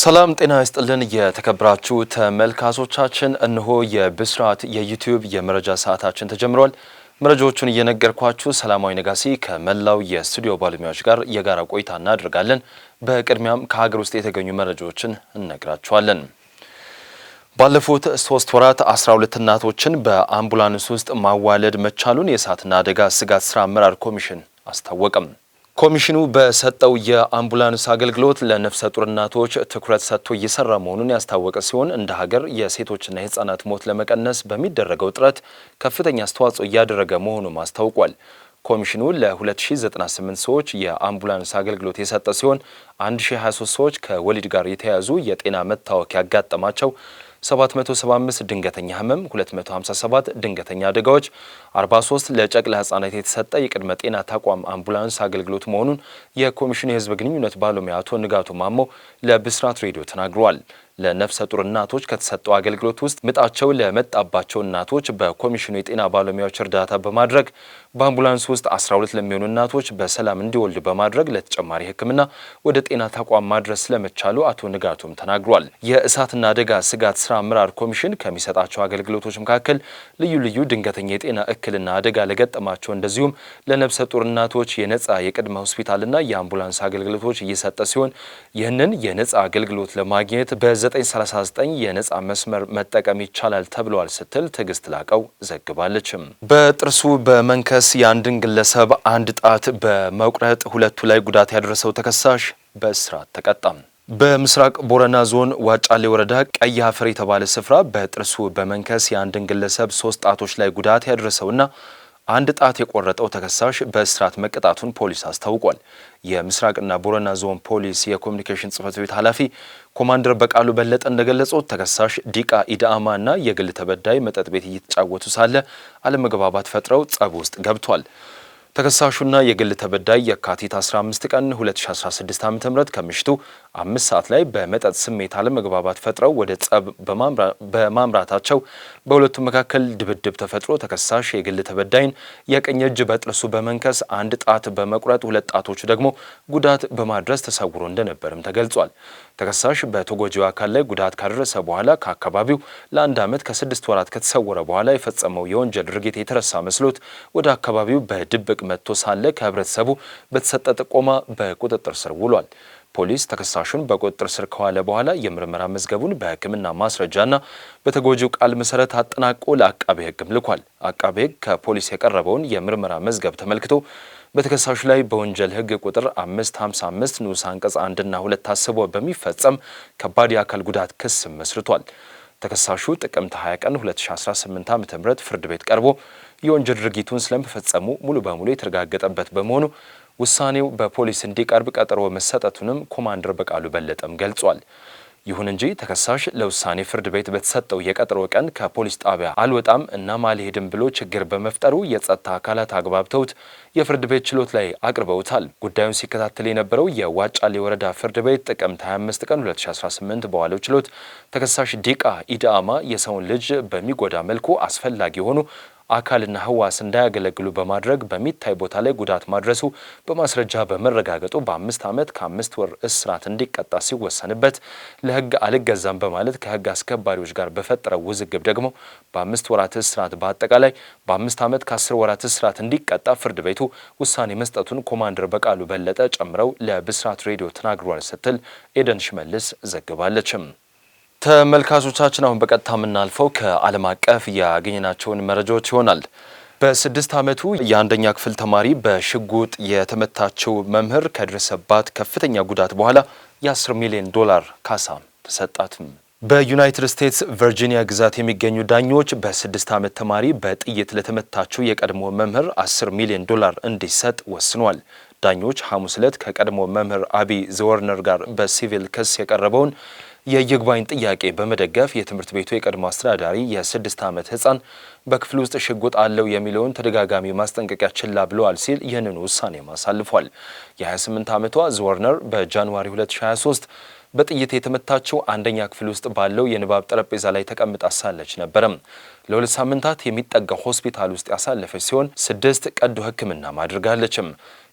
ሰላም ጤና ይስጥልን። የተከበራችሁ ተመልካቾቻችን፣ እነሆ የብስራት የዩቲዩብ የመረጃ ሰዓታችን ተጀምሯል። መረጃዎቹን እየነገርኳችሁ ሰላማዊ ነጋሲ ከመላው የስቱዲዮ ባለሙያዎች ጋር የጋራ ቆይታ እናደርጋለን። በቅድሚያም ከሀገር ውስጥ የተገኙ መረጃዎችን እነግራችኋለን። ባለፉት ሶስት ወራት 12 እናቶችን በአምቡላንስ ውስጥ ማዋለድ መቻሉን የእሳትና አደጋ ስጋት ስራ አመራር ኮሚሽን አስታወቀም። ኮሚሽኑ በሰጠው የአምቡላንስ አገልግሎት ለነፍሰ ጡር እናቶች ትኩረት ሰጥቶ እየሰራ መሆኑን ያስታወቀ ሲሆን እንደ ሀገር የሴቶችና የህፃናት ሞት ለመቀነስ በሚደረገው ጥረት ከፍተኛ አስተዋጽኦ እያደረገ መሆኑም አስታውቋል። ኮሚሽኑ ለ2098 ሰዎች የአምቡላንስ አገልግሎት የሰጠ ሲሆን 1023 ሰዎች ከወሊድ ጋር የተያያዙ የጤና መታወክ ያጋጠማቸው 775 ድንገተኛ ህመም፣ 257 ድንገተኛ አደጋዎች፣ 43 ለጨቅላ ህጻናት የተሰጠ የቅድመ ጤና ተቋም አምቡላንስ አገልግሎት መሆኑን የኮሚሽኑ የህዝብ ግንኙነት ባለሙያ አቶ ንጋቱ ማሞ ለብስራት ሬዲዮ ተናግረዋል። ለነፍሰ ጡር እናቶች ከተሰጠው አገልግሎት ውስጥ ምጣቸው ለመጣባቸው እናቶች በኮሚሽኑ የጤና ባለሙያዎች እርዳታ በማድረግ በአምቡላንስ ውስጥ 12 ለሚሆኑ እናቶች በሰላም እንዲወልዱ በማድረግ ለተጨማሪ ሕክምና ወደ ጤና ተቋም ማድረስ ስለመቻሉ አቶ ንጋቱም ተናግሯል። የእሳትና አደጋ ስጋት ስራ አመራር ኮሚሽን ከሚሰጣቸው አገልግሎቶች መካከል ልዩ ልዩ ድንገተኛ የጤና እክልና አደጋ ለገጠማቸው እንደዚሁም ለነፍሰ ጡር እናቶች የነፃ የቅድመ ሆስፒታልና የአምቡላንስ አገልግሎቶች እየሰጠ ሲሆን ይህንን የነፃ አገልግሎት ለማግኘት በዘ በ የነፃ መስመር መጠቀም ይቻላል ተብሏል ስትል ትዕግስት ላቀው ዘግባለችም። በጥርሱ በመንከስ የአንድን ግለሰብ አንድ ጣት በመቁረጥ ሁለቱ ላይ ጉዳት ያደረሰው ተከሳሽ በእስራት ተቀጣም። በምስራቅ ቦረና ዞን ዋጫሌ ወረዳ ቀይ አፈር የተባለ ስፍራ በጥርሱ በመንከስ የአንድን ግለሰብ ሶስት ጣቶች ላይ ጉዳት ያደረሰውና አንድ ጣት የቆረጠው ተከሳሽ በእስራት መቀጣቱን ፖሊስ አስታውቋል። የምስራቅና ቦረና ዞን ፖሊስ የኮሚኒኬሽን ጽህፈት ቤት ኃላፊ ኮማንደር በቃሉ በለጠ እንደገለጹት ተከሳሽ ዲቃ ኢዳአማ እና የግል ተበዳይ መጠጥ ቤት እየተጫወቱ ሳለ አለመግባባት ፈጥረው ጸብ ውስጥ ገብቷል። ተከሳሹና የግል ተበዳይ የካቲት 15 ቀን 2016 ዓ.ም ከምሽቱ አምስት ሰዓት ላይ በመጠጥ ስሜት አለመግባባት ፈጥረው ወደ ጸብ በማምራታቸው በሁለቱም መካከል ድብድብ ተፈጥሮ ተከሳሽ የግል ተበዳይን የቀኝ እጅ በጥርሱ በመንከስ አንድ ጣት በመቁረጥ ሁለት ጣቶች ደግሞ ጉዳት በማድረስ ተሰውሮ እንደነበርም ተገልጿል። ተከሳሽ በተጎጂው አካል ላይ ጉዳት ካደረሰ በኋላ ከአካባቢው ለአንድ ዓመት ከስድስት ወራት ከተሰወረ በኋላ የፈጸመው የወንጀል ድርጊት የተረሳ መስሎት ወደ አካባቢው በድብቅ መጥቶ ሳለ ከህብረተሰቡ በተሰጠ ጥቆማ በቁጥጥር ስር ውሏል። ፖሊስ ተከሳሹን በቁጥጥር ስር ከዋለ በኋላ የምርመራ መዝገቡን በሕክምና ማስረጃና በተጎጂው ቃል መሰረት አጠናቆ ለአቃቤ ሕግም ልኳል። አቃቤ ሕግ ከፖሊስ የቀረበውን የምርመራ መዝገብ ተመልክቶ በተከሳሹ ላይ በወንጀል ህግ ቁጥር 555 ንዑስ አንቀጽ 1ና 2 ታስቦ በሚፈጸም ከባድ የአካል ጉዳት ክስ መስርቷል። ተከሳሹ ጥቅምት 20 ቀን 2018 ዓ.ም ፍርድ ቤት ቀርቦ የወንጀል ድርጊቱን ስለመፈጸሙ ሙሉ በሙሉ የተረጋገጠበት በመሆኑ ውሳኔው በፖሊስ እንዲቀርብ ቀጠሮ መሰጠቱንም ኮማንደር በቃሉ በለጠም ገልጿል። ይሁን እንጂ ተከሳሽ ለውሳኔ ፍርድ ቤት በተሰጠው የቀጠሮ ቀን ከፖሊስ ጣቢያ አልወጣም እና ማልሄድም ብሎ ችግር በመፍጠሩ የጸጥታ አካላት አግባብተውት የፍርድ ቤት ችሎት ላይ አቅርበውታል። ጉዳዩን ሲከታተል የነበረው የዋጫሌ ወረዳ ፍርድ ቤት ጥቅምት 25 ቀን 2018 በዋለው ችሎት ተከሳሽ ዲቃ ኢዳአማ የሰውን ልጅ በሚጎዳ መልኩ አስፈላጊ የሆኑ አካልና ህዋስ እንዳያገለግሉ በማድረግ በሚታይ ቦታ ላይ ጉዳት ማድረሱ በማስረጃ በመረጋገጡ በአምስት ዓመት ከአምስት ወር እስራት እንዲቀጣ ሲወሰንበት ለህግ አልገዛም በማለት ከህግ አስከባሪዎች ጋር በፈጠረው ውዝግብ ደግሞ በአምስት ወራት እስራት በአጠቃላይ በአምስት ዓመት ከአስር ወራት እስራት እንዲቀጣ ፍርድ ቤቱ ውሳኔ መስጠቱን ኮማንደር በቃሉ በለጠ ጨምረው ለብስራት ሬዲዮ ተናግሯል ስትል ኤደን ሽመልስ ዘግባለችም። ተመልካቾቻችን አሁን በቀጥታ የምናልፈው ከዓለም አቀፍ ያገኘናቸውን መረጃዎች ይሆናል። በስድስት ዓመቱ የአንደኛ ክፍል ተማሪ በሽጉጥ የተመታችው መምህር ከደረሰባት ከፍተኛ ጉዳት በኋላ የ10 ሚሊዮን ዶላር ካሳ ተሰጣትም። በዩናይትድ ስቴትስ ቨርጂኒያ ግዛት የሚገኙ ዳኞች በስድስት ዓመት ተማሪ በጥይት ለተመታችው የቀድሞ መምህር 10 ሚሊዮን ዶላር እንዲሰጥ ወስኗል። ዳኞች ሐሙስ ዕለት ከቀድሞ መምህር አቢ ዘወርነር ጋር በሲቪል ክስ የቀረበውን የይግባኝ ጥያቄ በመደገፍ የትምህርት ቤቱ የቀድሞ አስተዳዳሪ የስድስት ዓመት ህፃን በክፍል ውስጥ ሽጉጥ አለው የሚለውን ተደጋጋሚ ማስጠንቀቂያ ችላ ብለዋል ሲል ይህንን ውሳኔ ማሳልፏል የ የ28 ዓመቷ ዝወርነር በጃንዋሪ 2023 በጥይት የተመታቸው አንደኛ ክፍል ውስጥ ባለው የንባብ ጠረጴዛ ላይ ተቀምጣ ሳለች ነበረም። ለሁለት ሳምንታት የሚጠጋ ሆስፒታል ውስጥ ያሳለፈች ሲሆን ስድስት ቀዶ ህክምና አድርጋለችም።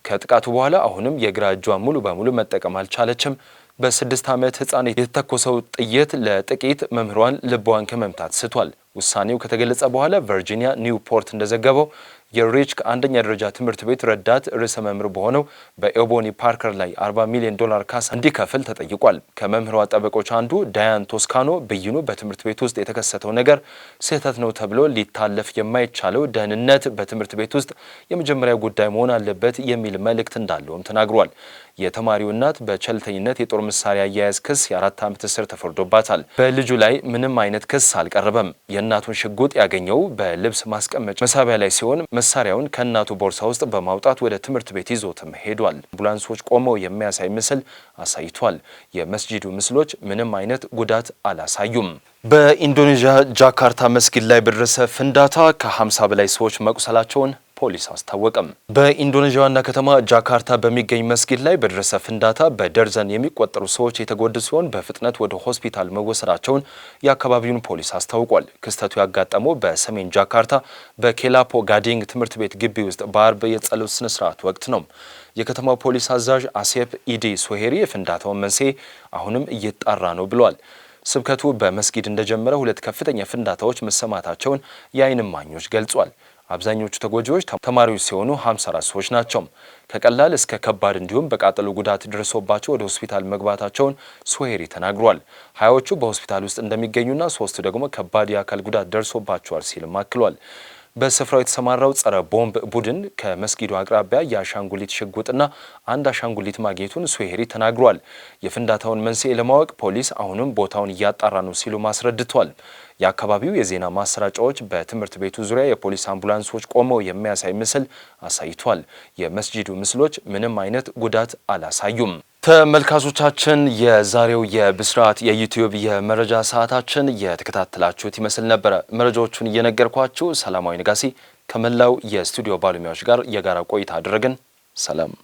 ከጥቃቱ በኋላ አሁንም የግራ እጇን ሙሉ በሙሉ መጠቀም አልቻለችም። በስድስት ዓመት ሕፃን የተተኮሰው ጥይት ለጥቂት መምህሯን ልቧን ከመምታት ስቷል። ውሳኔው ከተገለጸ በኋላ ቨርጂኒያ ኒውፖርት እንደዘገበው የሪችክ አንደኛ ደረጃ ትምህርት ቤት ረዳት ርዕሰ መምህር በሆነው በኤቦኒ ፓርከር ላይ 40 ሚሊዮን ዶላር ካሳ እንዲከፍል ተጠይቋል። ከመምህሯ ጠበቆች አንዱ ዳያን ቶስካኖ ብይኑ በትምህርት ቤት ውስጥ የተከሰተው ነገር ስህተት ነው ተብሎ ሊታለፍ የማይቻለው ደህንነት በትምህርት ቤት ውስጥ የመጀመሪያ ጉዳይ መሆን አለበት የሚል መልእክት እንዳለውም ተናግሯል። የተማሪው እናት በቸልተኝነት የጦር መሳሪያ አያያዝ ክስ የአራት ዓመት እስር ተፈርዶባታል። በልጁ ላይ ምንም አይነት ክስ አልቀረበም። የእናቱን ሽጉጥ ያገኘው በልብስ ማስቀመጫ መሳቢያ ላይ ሲሆን መሳሪያውን ከእናቱ ቦርሳ ውስጥ በማውጣት ወደ ትምህርት ቤት ይዞትም ሄዷል። አምቡላንሶች ቆመው የሚያሳይ ምስል አሳይቷል። የመስጂዱ ምስሎች ምንም አይነት ጉዳት አላሳዩም። በኢንዶኔዥያ ጃካርታ መስጊድ ላይ በደረሰ ፍንዳታ ከ50 በላይ ሰዎች መቁሰላቸውን ፖሊስ አስታወቀም። በኢንዶኔዥያ ዋና ከተማ ጃካርታ በሚገኝ መስጊድ ላይ በደረሰ ፍንዳታ በደርዘን የሚቆጠሩ ሰዎች የተጎዱ ሲሆን በፍጥነት ወደ ሆስፒታል መወሰዳቸውን የአካባቢውን ፖሊስ አስታውቋል። ክስተቱ ያጋጠመው በሰሜን ጃካርታ በኬላፖ ጋዲንግ ትምህርት ቤት ግቢ ውስጥ በአርብ የጸሎት ስነስርዓት ወቅት ነው። የከተማው ፖሊስ አዛዥ አሴፕ ኢዲ ሶሄሪ የፍንዳታውን መንስኤ አሁንም እየጣራ ነው ብሏል። ስብከቱ በመስጊድ እንደጀመረ ሁለት ከፍተኛ ፍንዳታዎች መሰማታቸውን የአይን እማኞች ገልጿል። አብዛኞቹ ተጎጂዎች ተማሪዎች ሲሆኑ 54 ሰዎች ናቸው። ከቀላል እስከ ከባድ እንዲሁም በቃጠሎ ጉዳት ደርሶባቸው ወደ ሆስፒታል መግባታቸውን ሶሄሪ ተናግሯል። ሀያዎቹ በሆስፒታል ውስጥ እንደሚገኙና ሶስቱ ደግሞ ከባድ የአካል ጉዳት ደርሶባቸዋል ሲልም አክሏል። በስፍራው የተሰማራው ጸረ ቦምብ ቡድን ከመስጊዱ አቅራቢያ የአሻንጉሊት ሽጉጥና አንድ አሻንጉሊት ማግኘቱን ሱሄሪ ተናግሯል። የፍንዳታውን መንስኤ ለማወቅ ፖሊስ አሁንም ቦታውን እያጣራ ነው ሲሉ አስረድቷል። የአካባቢው የዜና ማሰራጫዎች በትምህርት ቤቱ ዙሪያ የፖሊስ አምቡላንሶች ቆመው የሚያሳይ ምስል አሳይቷል። የመስጂዱ ምስሎች ምንም አይነት ጉዳት አላሳዩም። ተመልካቾቻችን የዛሬው የብስራት የዩቲዩብ የመረጃ ሰዓታችን የተከታተላችሁት ይመስል ነበረ። መረጃዎቹን እየነገርኳችሁ ሰላማዊ ንጋሴ ከመላው የስቱዲዮ ባለሙያዎች ጋር የጋራ ቆይታ አደረግን። ሰላም